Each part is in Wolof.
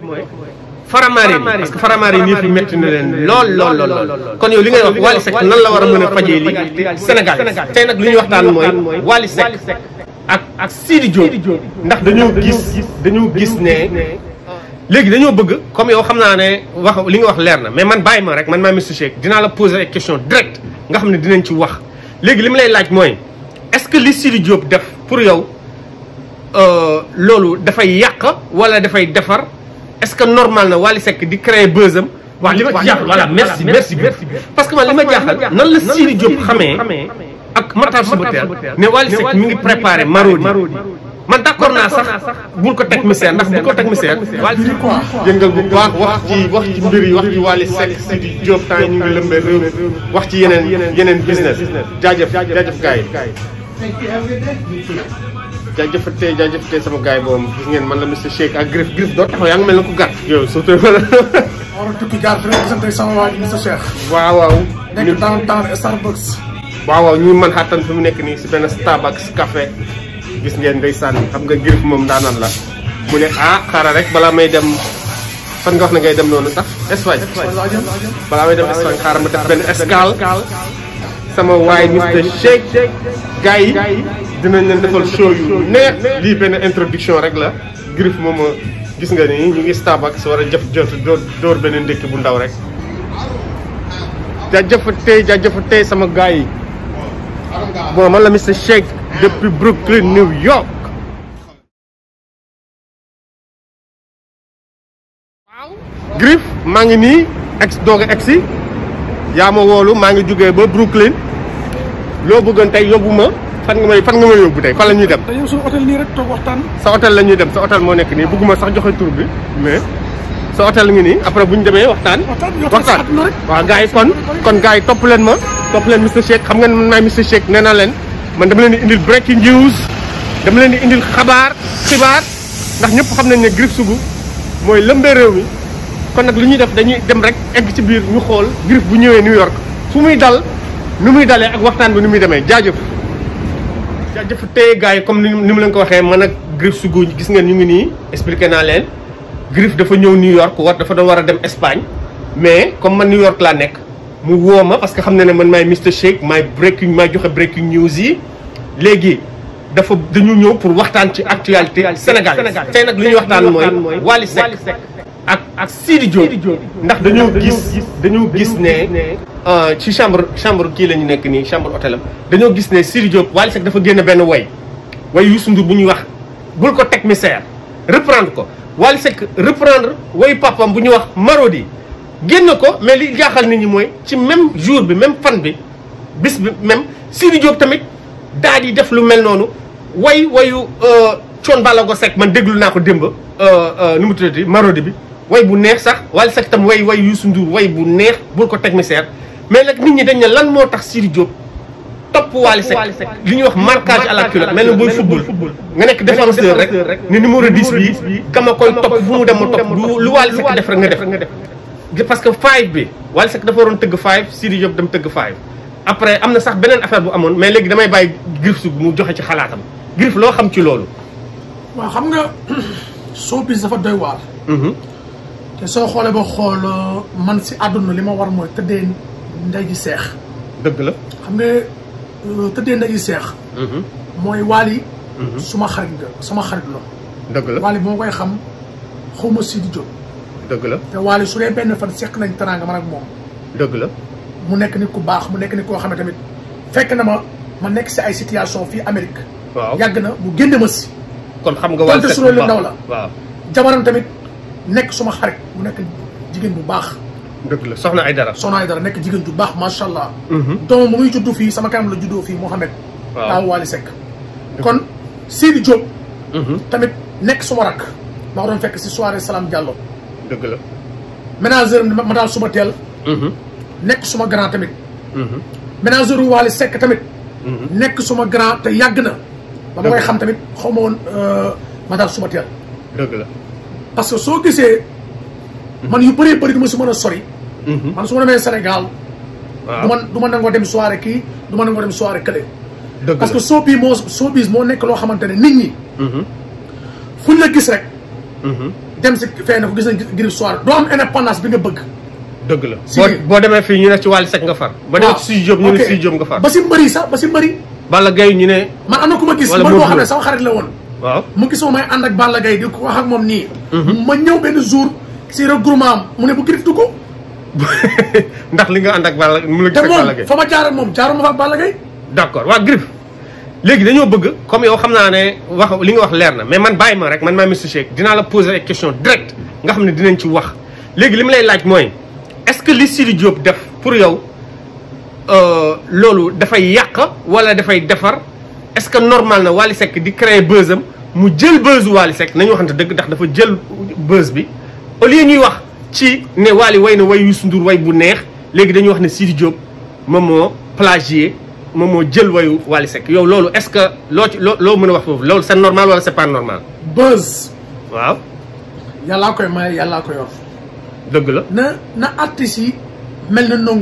mooy faramaare bi parce que faramaare yi nii fi métti na leen lool lool lool kon yow li ngay wax Wally Seck nan la war a mën a fajee lii Sénégal tey nag li ñuy waxtaan mooy Wally Seck ak ak Sidi Diop ndax dañoo gis dañoo gis ne léegi dañoo bëgg comme yow xam naa ne wax li nga wax leer na mais man baay ma rek man maa Mister Shake dinaa la poser ay question direct nga xam ne dinañ ci wax léegi li ma lay laaj mooy est-ce que li Sidi Diop def pour yow euh, loolu dafay yàq wala dafay defar est-ce que normal na Wally sekk di créer buzz am. waaw li ma jaaxal parce que man li ma jaaxal nan la Sidi Diop xamee ak Matar Soubatel ne Wally Seck mi ma préparé Marodi. man d'accord naa sax bul ko teg misère ndax bul ko teg misère. Wally Seck quoi yëngal bu baax wax ci wax ci mbir yi wax ci Wally Seck Sidi Diop temps ñu ngi lëmbee réew wax ci yeneen jajah te jajah te sama gars bom moom gis ngeen man la monsieur Cheikh ak Griff Griff doo taxaw yaa ngi mel ne ku gàtt. yow surtout. war tukki gaar fi sama waa ji monsieur Cheikh. waaw waaw. nekk downtown Starbucks. waaw waaw ñuy Manhattan fi mu nekk nii si benn Starbucks cafe gis ngeen ndeysaan xam nga Griff moom daanaan la mu ne ah xaaral rek balaa may dem fan nga wax ne ngay dem noonu sax Espagne. balaa may dem Espagne xaaral ma def benn escale. sama waay monsieur Cheikh gars dinañ leen defal show yu neex lii benn introduction rek la Griff moom gis nga ni ñu ngi Starbucks war a jëf jot door door benn ndékki bu ndaw rek jajëf tey jajëf tey sama gars yi bon man la Mister Shake depuis Brooklyn New York Griff maa ngi nii ex doog a exi yaa ma woolu maa ngi jugee ba Brooklyn loo bëggoon tey yóbbu ma fan nga may fan nga may yóbbu tey fan la dem dañu suñu hôtel nii rek toog waxtaan sa hôtel la dem sa hôtel moo nekk nii bëgguma sax joxe tour bi mais sa hôtel ngi nii après buñ kon kon gars top leen ma topp leen Mister Shake xam ngeen man maay Mister leen man dama leen di indil breaking news dama leen di indil xabaar xibaar ndax ñëpp xam nañ ne Griff Sougou mi kon nag lu def dañuy dem rek egg ci biir ñu xool bu New York fu muy dal nu muy dalee ak waxtaan bi nu muy jaajëf tey gaay comme ni mu leen ko waxee man ak Griff sugu gis ngeen ñu ngi ni expliquer na leen Griff dafa ñew New York war dafa doon wara dem Espagne mais comme man New York la nek mu woma parce que xam ne man may Mister Shake my breaking may joxe breaking news yi léegi dafa dañu ñew pour waxtaan ci actualité Sénégal tay nak lu ñu waxtaan moy wali sec ak ak Sidi Diop ndax dañu gis dañu gis ne Euh, ci chambre chambre kii la ñu nekk nii chambre hôtel am dañoo gis ne Siri Diop dafa génn benn way way Youssou Ndour bu ñuy wax bul ko teg misère reprendre ko Wally Seck reprendre way papam bu ñuy wax Marodi génn ko mais li jaaxal nit ñi mooy ci même jour bi même fan bi bis bi même Siri tamit daal di def lu mel noonu way wayu euh, Thione Ballago Seck man déglu naa ko démb euh, nu mu tuddati Marodi bi way bu neex sax Wally Seck way way Youssou Ndour way bu neex bul ko teg misère mais nak nit ñi dañ ne lan mo tax Sidi Diop top wali sec li ñu wax marquage à la culotte mel na football nga nek défenseur rek ni numéro 10 bi kama koy top fu mu dem top du lu wali sec def rek nga def parce que 5 bi wali sec dafa waroon teug 5 Sidi Diop dem teug 5 après amna sax benen affaire bu amone mais légui damay baye Griff su mu joxe ci xalaatam Griff lo xam ci lolu wa xam nga showbiz dafa doy hmm te so xolé ba xol euh, man ci aduna lima war moy tëddee ndey ji seex. dëgg la xam nga euh, tëddee ndey ji seex. Mm-hmm. mooy Waly. Mm-hmm. suma xarit suma sama xarit la. dëgg la Waly moo koy xam xaw ma Sidi Diop. dëgg la te Waly su dee benn fan seq nañ teraanga man ak moom. dëgg la mu nekk nit ku baax mu nekk nit koo xam ne tamit fekk na ma ma nekk si ay situation fii Amérique. waaw yàgg na mu génne ma kon xam nga Waly Seck bu baax ndaw la. waaw jamono tamit nekk suma xarit mu nekk jigéen bu baax. dëgg la soxna Aydara soxna Aydara nekk jigéen ju baax macha allah. doomam mu ngi juddu fii sama kanam la juddoo fii Mouhamed. waaw daaw Waly Seck. kon Sidi Diop. tamit nekk suma rakk. maa doon fekk si soirée Salam Diallo. dëgg la. ménageur ma daal suma teel. nekk suma grand tamit. ménageur Waly Seck tamit. nekk suma grand te yàgg na. ba ma koy xam tamit xaw ma woon ma daal suma teel. dëgg la parce que soo gisee. Mm-hmm. man yu bëree bëri du ma si mën a sori. Mm-hmm. man su ma demee Sénégal. waaw du ma du ma nangoo dem soirée kii du ma nangoo dem soirée kële. dëgg parce que showbiz moo showbiz moo nekk loo xamante ne nit ñi. Mm-hmm. fuñ la gis rek. dem si fee na ko gis nañ ngir soirée doo am indépendance bi nga bëgg. dëgg la boo boo demee fii ñu ne ci wàllu sec nga far. ba demee ah, ci studio ñu ne studio nga far. ba si mbëri sax ba si mbëri. Balla Gaye ñu ne. man am na ku gis mbër boo xam ne sama xarit la woon. waaw mu gisoo ànd ak Balla Gaye di ko moom nii. ma ñëw benn jour. si regroupement am mu ne bu Gris dugg. ndax li nga ànd ak Balla mu la gis ak Balla Gaye te moom ma jaar ak moom jaaruma fa ak Balla Gaye. d' accord léegi dañoo bëgg comme yow xam naa ne wax li nga wax leer na mais man bàyyi ma rek man maa Mister Shake dinaa la poser ay question direct nga xam ne dinañ ci wax léegi li mu lay laaj mooy est-ce que li Sidi Diop def pour yow euh, loolu dafay yàq wala dafay defar est-ce que normal na Wally Seck di créer buzz am mu jël buzz Wally Seck na waxante dëgg ndax dafa jël buzz bi au lieu ñuy wax ci ne wayna way yu sundur way bu neex dañuy ne Sidi job momo plagier momo jël wayu est-ce que c'est normal wala c'est pas normal. buzz. waaw. yalla koy maye yalla koy deug la na na artiste yi mel na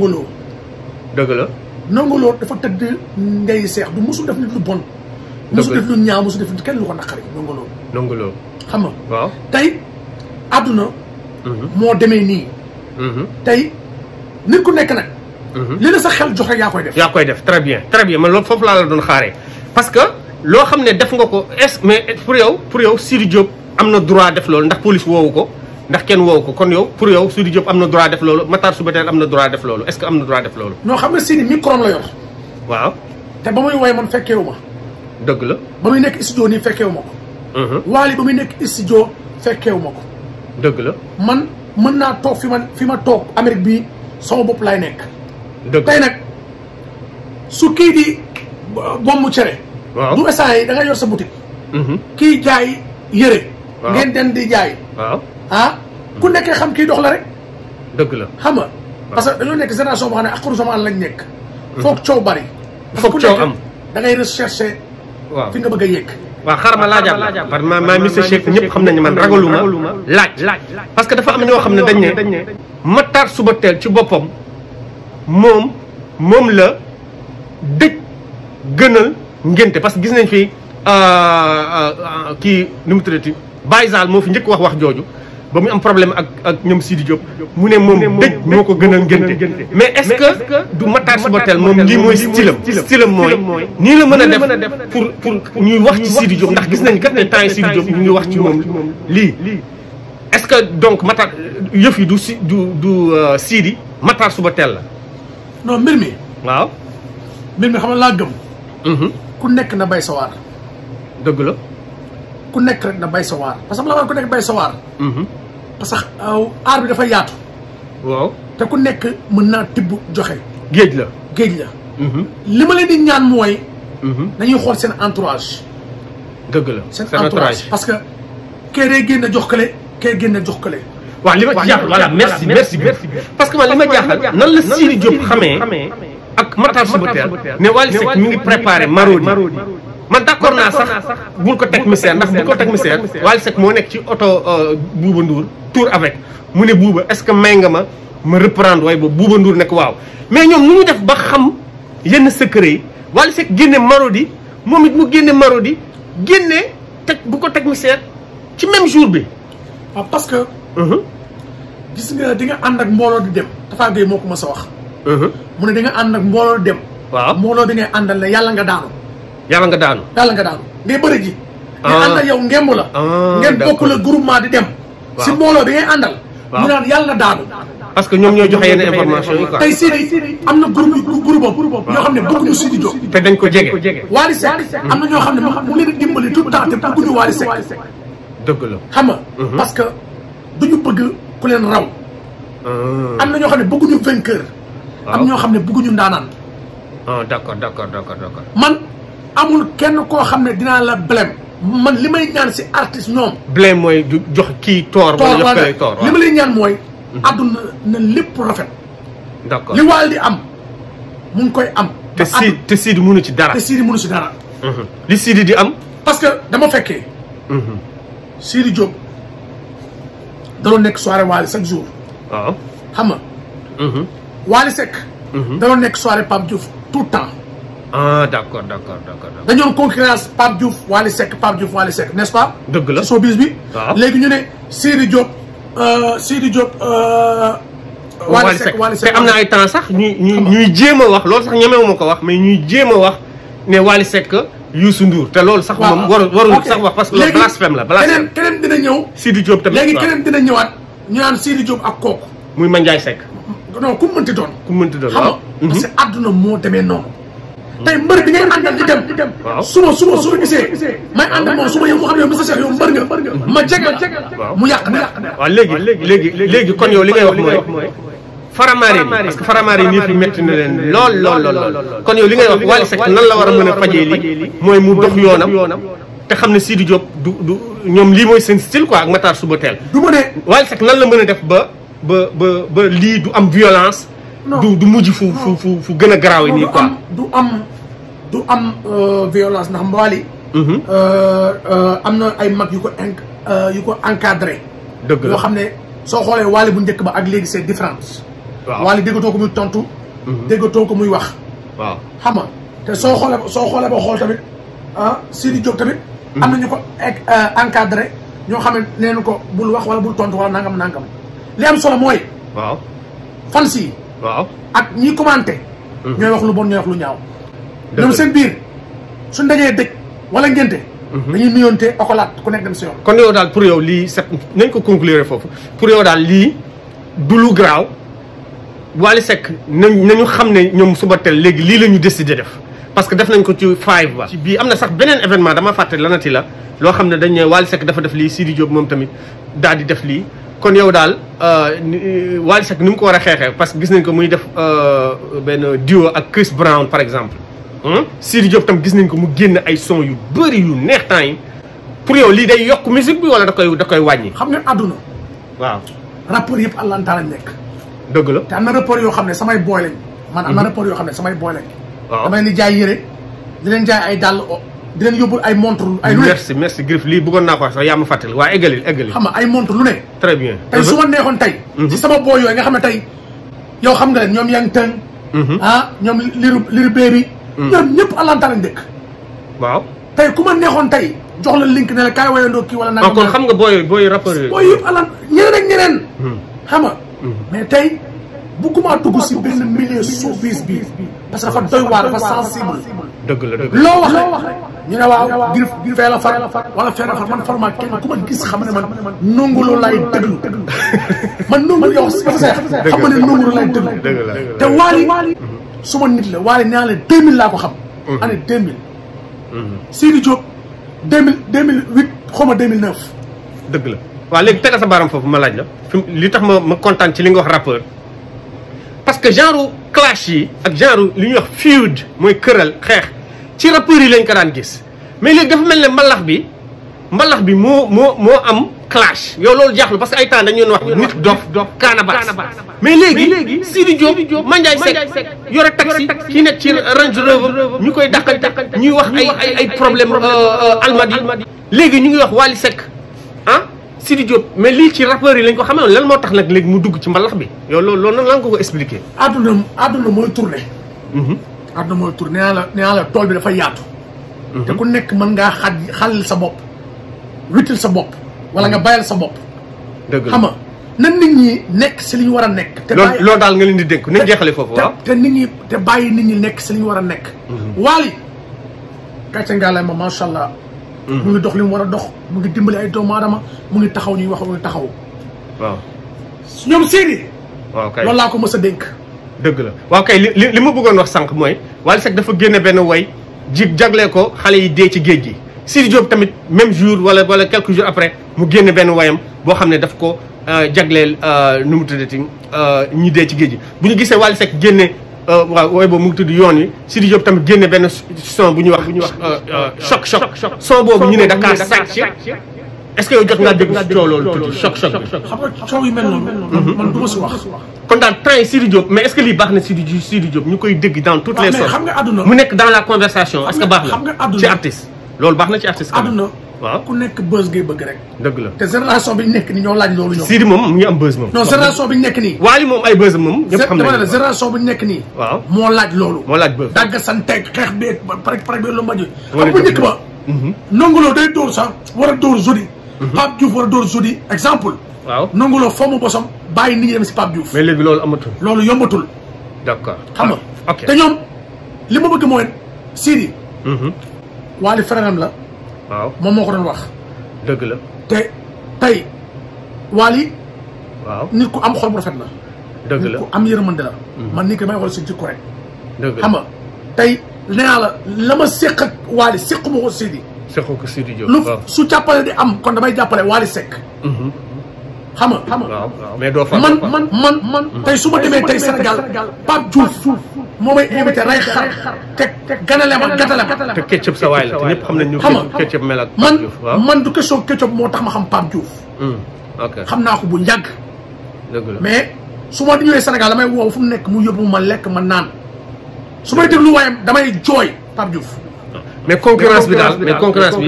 la. pas dafa du bon. musu def lu def kenn lu Mm-hmm. moo demee nii. Mm-hmm. tey nit ku nekk nag. Mm-hmm. li la sa xel jox rek yaa koy def. yaa koy def très bien très bien man loolu foofu laa la doon xaaree parce que loo xam ne def nga ko est mais pour yow pour yow Sidi Diop am na droit def loolu ndax police woowu ko ndax kenn woowu ko kon yow pour yow di Diop am na droit def loolu Matar Soubatel am na droit def loolu est-ce que am na droit def loolu. non xam nga Sidi micro la yor. waaw te ba muy woy man fekkeewu ma. dëgg la ba muy nekk studio nii fekkeewu ma ko. Wally ba muy nekk studio fekkeewu ko. dëgg la man mën naa toog fi ma fi ma toog Amérique bii sama bopp laay nekk. dëgg tey nag su kii di bombu cere. waaw du instant yi da nga yor sa boutique. Mhm. kii jaay yëre. ngeen den di jaay. waaw ah ku mhm. nekkee xam kii dox la rek. dëgg la xam nga parce que dañoo nekk génération boo xam ne ak xurusement lañ nekk. Mhm. foog coow bari. foog coow am da ngay recherché. waaw fi nga bëgg a yegg. waaw xaaral ma laajal la parce maa monsieur Cheikh ñëpp xam nañu man ragaluma laaj parce que dafa am ñoo xam ne dañ ne Matar Soubatel ci boppam moom moom la dëj gënal ngénte parce que gis nañ fi euh, euh, euh, kii nu mu tuddati Baye Zal moo fi njëkk wax wax jooju ba mu am problème ak ak ñoom Sidi Diop mu ne moom dëj moo ko gën a ngénte mais est-ce que du Matar Subatel moom lii mooy stylam stylam mooy nii la mën a def pour pour ñuy wax ci Sidi Diop ndax gis nañ kat ne temps yi Sidi Diop ñu ngi wax ci moom lii est-ce que donc Matar yëf yi du si du du euh, Sidi Matar Subatel la non mbir waaw mbir xam a laa gëm mhm. ku nekk na bay sawaar dëgg la ku nekk rek na bay sa waar parce que bu la waxee ku nekk mhm. parce que euh, dafa yaatu. waaw te ku nekk mën naa tibb joxe. géej la géej la. Mhm. li ma leen di ñaan mooy. Mhm. nañuy xool seen entourage. dëgg la entourage parce que. kee day génn jox kale kee génn jox kale. waaw li ma jaaxal voilà merci merci parce que man li ma jaaxal nan la Sidy Diop xamee. ak Matar man d'accord naa sax bul ko teg misère ndax bul ko teg misère Wally Seck moo nekk ci oto euh, Bouba Ndour tour avec mu ne buuba est-ce que may nga ma ma reprendre way boobu Bouba Ndour nekk waaw mais ñoom nu ñu def ba xam yenn secret yi Wally Seck génne marodi moom it mu génne marodi génne teg bu ko teg misère ci même jour bi waaw ah, parce que gis nga ànd ak mbooloo di dem Tafa Gueye moo ko mës a wax mu ne di ànd ak mbooloo di dem waaw mbooloo di àndal ne yàlla nga daanu yalla nga daanu yàlla nga daanu ngi beure ji ah. andal yow ngembu la ngem bokku le groupement di dem si mbolo da ngay àndal mu nan yalla daanu parce que ñom ñoy joxe yene information yi quoi tay sidi am guru groupe groupe ñoo xamne ne ñu sidi jox te dañ ko jégué wali sek amna ñoo xamne mu leen dimbali tout le temps te ñu wali sek deug la xam nga mhm. parce que duñu bëgg ku leen raw ah. amna ñoo xamne bëgg ñu vainqueur am ñoo xamne bëgg ñu ndaanaan ah d'accord d'accord d'accord d'accord man amul kenn koo xam ne dinaa la blème man li may ñaan si artiste ñoom. blème mooy jox kii toor. wala jox kale toor li ma lay ñaan mooy. Mhm. àdduna na lépp rafet. d'accord li waal di am mu ngi koy am. te si te Sidi ci dara. te Sidi mënu ci dara. Mhm. li Sidi di am. parce que dama fekkee. Mhm. Sidi Diop daloon nekk soirée Waly chaque jour. waaw xam nga. Waly Seck. daloon nekk soirée Pape Diouf tout le temps. ah d' accord d' accord d' accord. dañu doon concurrence Pape Diouf Wally Seck Pape Diouf Wally Seck n' ce pas. dëgg la soo bis bi. waaw léegi ñu ne Sidi Diop euh, Sidi Diop. Euh, Wally Seck Wally Seck te am na ay temps sax ñuy ñuy ñuy jéem a wax loolu sax ñemewu ma ko wax mais ñuy jéem a wax ne Wally Seck Youssou Ndour te loolu sax. moom warul warul sax wax parce que loolu blasphème la. blasphème keneen keneen dina ñëw. Sidi Diop tamit léegi keneen dina ñëwaat ñu naan Sidi Diop ak kooku. muy Mandiaye Seck. non ku mënti doon. ku mu tey mbër bi ngay àndal di dem suba suba su ma gisee may àndal moom su ma yow mu xam yow Mister Shake yow ma nga ma jege la mu yàq na waaw léegi léegi léegi kon yow li ngay wax mooy faramaare bi parce que faramaare yi nii fi métti na leen lool lool lool kon yow li ngay wax Wally Seck nan la war a man a fajee lii mooy mu dox yoonam te xam ne Sidi Diop du du ñoom lii mooy seen style quoi ak Matar Suba teel du ma ne Wally Seck nan la mën a def ba ba ba ba lii du am violence du du mujj fu fu fu gën a garaawe nii quoi. du am du am euh, violence ndax mbaali. Mhm. Euh, euh, am na ay mag yu ko yu ko encadré. dëgg la yoo xam ne soo xoolee waale bu njëkk ba ak léegi see différence. waaw waale déggatoo ko muy tontu. Mhm. déggatoo ko muy wax. xam nga te soo xoolee ba soo xoolee ba xool tamit ah Sidi Diop tamit. Mhm. am na ñu ko e, encadré ñoo xam ne nee nañu ko bul wax wala bul tontu wala nangam nangam li am solo mooy. fan si. waaw ak ñi commenté. Mm-hmm. ñooy wax lu bon ñooy wax lu ñaaw. ñoom seen biir su dajee dëj wala ngénte mm-hmm. dañuy nuyoonte okolaat ku nekk dem si yoon. kon yow daal pour yow lii set nañ ko conclure foofu pour yow daal lii du lu garaaw Wally Seck nañ nañu xam ne ñoom suba teel léegi lii la ñu décidé def. parce que def nañ ko ci five ba ci bii am na sax beneen événement dama fàtte lanati la loo xam ne dañ ne Wally Seck dafa def lii Sidi Diop moom tamit daal di def lii. kon yow daal euh, Wally Seck ni mu ko war a xeexee parce que gis nañ ko muy def euh, benn duo ak Chris Brown par exemple hmm? Sidi Diop tam gis nañ ko mu génn ay son yu bëri yu neex temps yi pour yow lii day yokk musique bi wala da koy da koy wàññi xam nga àdduna waaw rapport yëpp àllanta lañ nekk dëgg la te am na rapport yoo xam ne samay booy lañ man am na mhm. rapport yoo xam ne samay booy lañ damay ni yére di leen jaay ay dàll dinañ yobul ay montre ay lu ne merci merci Griff li bëggon na ko sax yaa fatel wa égalil égalil xam nga ay montre lu ne très bien tey suma uh-huh. neexon tay uh-huh. ci sama boy yo nga xam ne yow xam nga ñom yang tëng uh-huh. ah ñom liru liru béebi ñom ñëpp alanta lañ dëkk waaw tay kuma neexon tay jox la link ne la kaay wayandoo ki wala nag ah, kon xam nga boy boy rapper boy booy yëpp alan ñeneen ak ñeneen hmm. xam nga hmm. mais tey bëgguma dugg si benn milieu showbiz bi parce que dafa doy war dafa sensible dëgg la dëgg loo wax loo ñu ne waaw ngir ngir la far wala fee la far man format kenn ku ma gis xam ne man nongulu lay déglu man nongulu yow dafa seex xam nga ne nongulu lay déglu te waali suma nit la waali naa la deux mille laa ko xam mhm. année deux mille mhm. Sidi Diop deux mille deux mille huit xaw ma deux mille dëgg la waaw léegi tegal sa baaram foofu ma laaj la li tax ma ma kontaan ci li nga wax rappeur parce que genre clash ak genre li feud moy feud ci yi lañ daan gis mais dafa ont bi malax bi un clash Yo lolou parce que ay temps dañu mais légui Sidi Diop Seck yore taxi kii ci Range Rover ñukoy ñuy wax ay ay problème euh, euh, almadi ngi wax Wali Sidi Diop mais li ci rappeurs yi lañ ko xamé lan mo tax nak légui mu dugg ci mbalax bi yow loolu loolu nan la ko ko expliquer aduna aduna moy tourner hmm aduna moy tourner ala ne ala tol bi da fa yatu mhm. te ku nek man nga xaj xàllil sa bop witil sa bop wala nga mhm. bayal sa bop deug la xam nan nit ñi nek ci li ñu war a te bàyyi loolu daal nga leen di dénk nañ jeexale foofu waaw. te nit ñi te bàyyi nit ñi nek ci li ñu war a nekk. Mhm. waali kàcce ngaa ma macha allah. Mm-hmm. mu ngi dox li mu war a dox mu ngi dimbali ay doomu aadama mu ngi taxaw ñuy wax lu taxaw. waaw. ñoom Sidi. waaw kay loolu laa ko mës a dénk. dëgg la waaw kay li li ma bëggoon wax sànq mooy Wally Seck dafa génne benn woy ji jagle ko xale yi dee ci géej gi. Sidi Diop tamit même jour wala wala quelques jours après mu génne benn woyam boo xam ne daf ko euh, jagleel euh, nu mu tuddati euh, ñi dee ci géej gi bu ñu gisee Wally Seck génne. Euh, waaw wooy mu tudd son euh, euh, choc choc son bon ne Dakar est-ce que yow avez des dégg choc choc mais est-ce que dans toutes les ah, sortes. dans la conversation est-ce que ci artiste. artiste. waaw ku nekk buzz ngay bëgg rek. dëgg la te génération bi nekk nii ñoo laaj loolu ñoom. Sidi moom mu ngi am buzz moom. non génération bi nekk nii. moo laaj loolu. moo laaj buzz dagg san teg xeex bi mbaju. xam bu njëkk ba. Mhm. nongolo day dóor sax war a dóor jodi. Mhm. Pape Diouf war exemple. waaw nongolo foo mu bosom bàyyi nit ñi dem si Pape Diouf. mais léegi loolu amatul. loolu yombatul. d'accord xam nga. Ah, ok te ñoom li ma bëgg mooy Sidi. Mhm. Wally frère am la waaw moom moo ko doon wax. dëgg la te tey Wally. waaw nit ku am xol bu rafet la. dëgg la am yërmande la. Mm-hmm. man nit ki may xool si jikko rek. dëgg tey lenaa naa la la ma seq ak Wally sequma ko Sidi. seqoo su jàppale di am kon damay jàppale Wally Seck. Mm-hmm. xam nga xam nga mais doo fa man man man man mm. tey su ma demee tey Sénégal Pape Diouf moo may invité ray xar teg ganale ma gatale ma te ketchup sa waay la te ñëpp xam nañ ñu ketchup mel ak man man du question ketchup moo tax ma xam Pape Diouf mm, ok xam naa ko bu njàgg dëgg la mais su ma ñëwee Sénégal damay woow fu mu nekk mu yóbbu ma lekk ma naan su may déglu waaye damay jooy Pape Diouf mais concurrence bi daal mais concurrence bi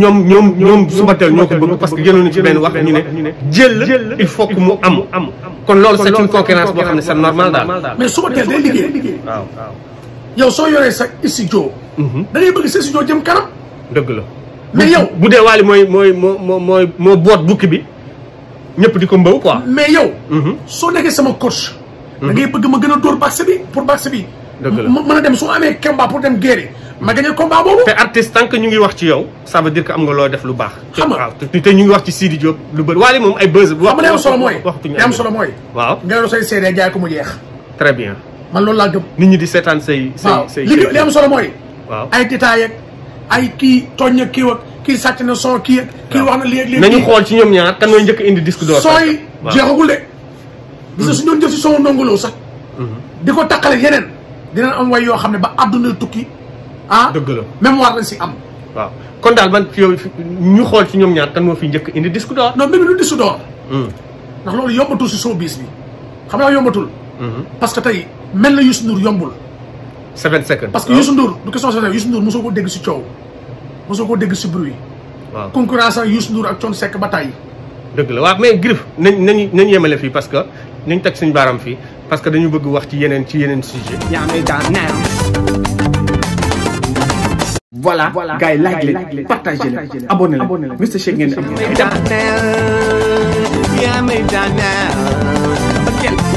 ñom ñom ñom Subatel ñoko bëgg parce que génnoon ñu ci benn wax ñu né jël il faut que mu am am kon lool c'est une concurrence bo xamné c'est normal dal mais Subatel day liggéey waaw yow so yoree sa jo mhm. da ngay bëgg sa jo jëm karam deug la mais yow bu dee waali moy mooy moo moo mooy boot bukki bi ñëpp di ko mbaw quoi mais yow mhm. so nekkee sama coach da mhm. ngay bëgg ma gëna a dóor bi pour bàq bi deug la mëna dem so amé kemba pour dem guerre ma gagné combat boobu. te artiste tant que ñu ngi wax ci yow ça veut dire que am nga loo def lu baax. xam nga te ñu ngi wax ci Sidi Diop lu bëri waale moom ay buzz. wax nga am solo mooy am solo mooy. waaw nga yor say CD jaay ko mu jeex. très bien. man loolu laa gëm. nit ñi di seetaan say say say. li li am solo mooy. waaw ay titaay yeeg ay kii tooñ na kii ak kii sàcc na son kii ak. kii wax na léeg-léeg nañu xool ci ñoom ñaar kan mooy njëkk indi disque d'or. sooy jeexagul de. Mm-hmm. gis nga su ñoon jëf son nongoloo sax. Mm-hmm. di ko takkale yeneen am way yoo xam ba àdduna tukki ah am kon daal man ñu xool ci ñoom ñaar kan fi indi disque d'or non même du disque d'or hmm. ndax loolu si showbiz bi xam nga yombatul hmm. parce que tey mel na Youssou yombul seven second parce que Youssou ah. du question seven Youssou Ndour dégg si coow mosoo dégg si bruit waaw concurrence ak ak Thione Seck ba deug la waaw mais griffe nañ nañ nañ yemale parce que nañ parce que dañu bëgg wax ci yenen ci yenen sujet ya may daan now voilà voilà gars yi like leen partagé leen abonné leen Mister Shake ngeen am.